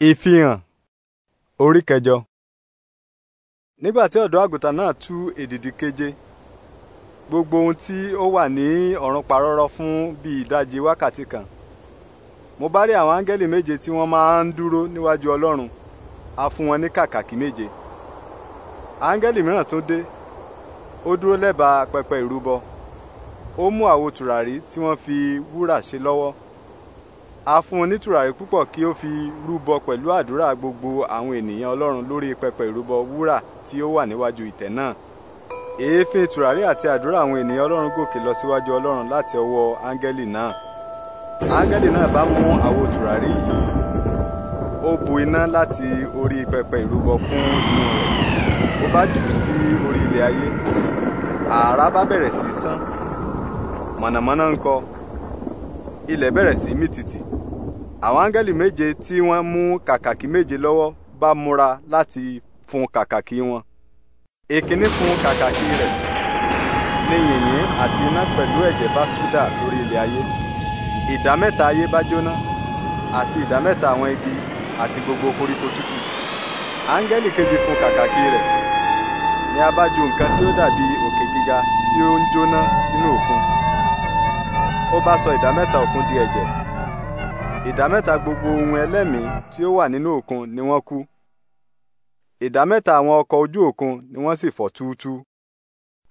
ìfihàn orí kẹjọ. nígbà tí ọ̀dọ́ àgùntàn náà tú èdìdì keje gbogbo ohun tí ó wà ní ọ̀run parọ́rọ́ fún bí ìdajì wákàtí kan mo bá rí àwọn áńgẹ́lì méje tí wọ́n máa ń dúró níwájú ọlọ́run a fún wọn ní kàkàkí méje áńgẹ́lì mìíràn tún dé ó dúró lẹ́bàá pẹpẹ ìrúbọ ó mú àwo tùràrí tí wọ́n fi wúrà ṣe lọ́wọ́ a fún un ní tùràrí púpọ̀ kí ó fi rúbọ pẹ̀lú àdúrà gbogbo àwọn ènìyàn ọlọ́run lórí pẹpẹ ìrúbọ wúrà tí ó wà níwájú ìtẹ́ náà èéfín tùràrí àti àdúrà àwọn ènìyàn ọlọ́run gòkè lọ síwájú ọlọ́run láti ọwọ́ áńgẹ́lì náà áńgẹ́lì náà bá mú àwo tùràrí yìí ó bu iná láti orí pẹpẹ ìrúbọ kún inú rẹ̀ ó bá jù ú sí orí ilẹ̀ ayé ààrá bá bẹ̀rẹ̀ sí í sán mọ̀nàmọ́ná ń kọ ilẹ̀ bẹ̀rẹ̀ sí í àwọn áńgẹ́lì méje tí wọ́n mú kàkàkí méje lọ́wọ́ bá múra láti fún kàkàkí wọn èkíní fún kàkàkí rẹ̀ ní yìnyín àti iná pẹ̀lú ẹ̀jẹ̀ bá tú dà sórí ilẹ̀ ayé ìdá mẹ́ta ayé bá jóná àti ìdá mẹ́ta àwọn igi àti gbogbo koríko tútù áńgẹ́lì kejì fún kàkàkí rẹ̀ ni a bá ju nǹkan tí ó dàbí òkè gíga tí ó ń jóná sínú òkun ó bá sọ ìdá mẹ́ta òkun di ẹ̀jẹ̀ ìdá mẹ́ta gbogbo ohun ẹlẹ́mìí tí ó wà nínú òkun ni wọ́n kú ìdá mẹ́ta àwọn ọkọ̀ ojú òkun ni wọ́n sì fọ́ túútúú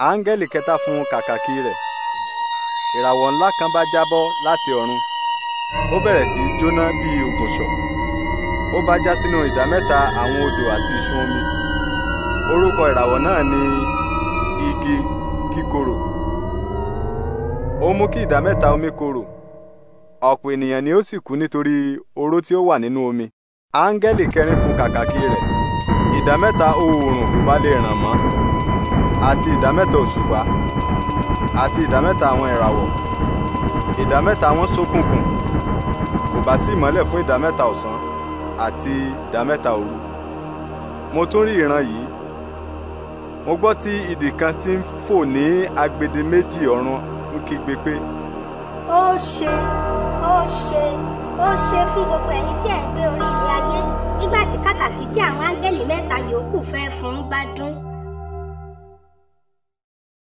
áńgẹ́lì kẹta fún kàkàkí rẹ̀ ìràwọ̀ ńlá kan bá jábọ́ láti ọ̀run ó bẹ̀rẹ̀ sí í jóná bíi ògùnṣọ̀ ó bá já sínú ìdá àwọn odò àti ìsun omi orúkọ ìràwọ̀ náà ni igi kíkorò ó mú kí ìdá omi korò ọ̀pọ̀ ènìyàn ni ó sì kú nítorí oró tí ó wà nínú omi áńgẹ́lì kẹrin fún kàkàkí rẹ̀ ìdá oòrùn bá lè ràn mọ́ àti ìdá òṣùpá àti ìdá àwọn ìràwọ̀ ìdá mẹ́ta wọn kò bá sí ìmọ́lẹ̀ fún ìdá ọ̀sán àti ìdá òru mo tún rí ìran yìí mo gbọ́ tí idì kan ti ń fò ní agbede méjì ọ̀run ń kígbe pé. ó ṣe ó ṣe ó ṣe fún gbogbo ẹ̀yin tí ẹ̀ ń gbé orí ilé ayé nígbà tí kàkàkí tí àwọn áńgẹ́lì mẹ́ta yòókù fẹ́ fún gbádùn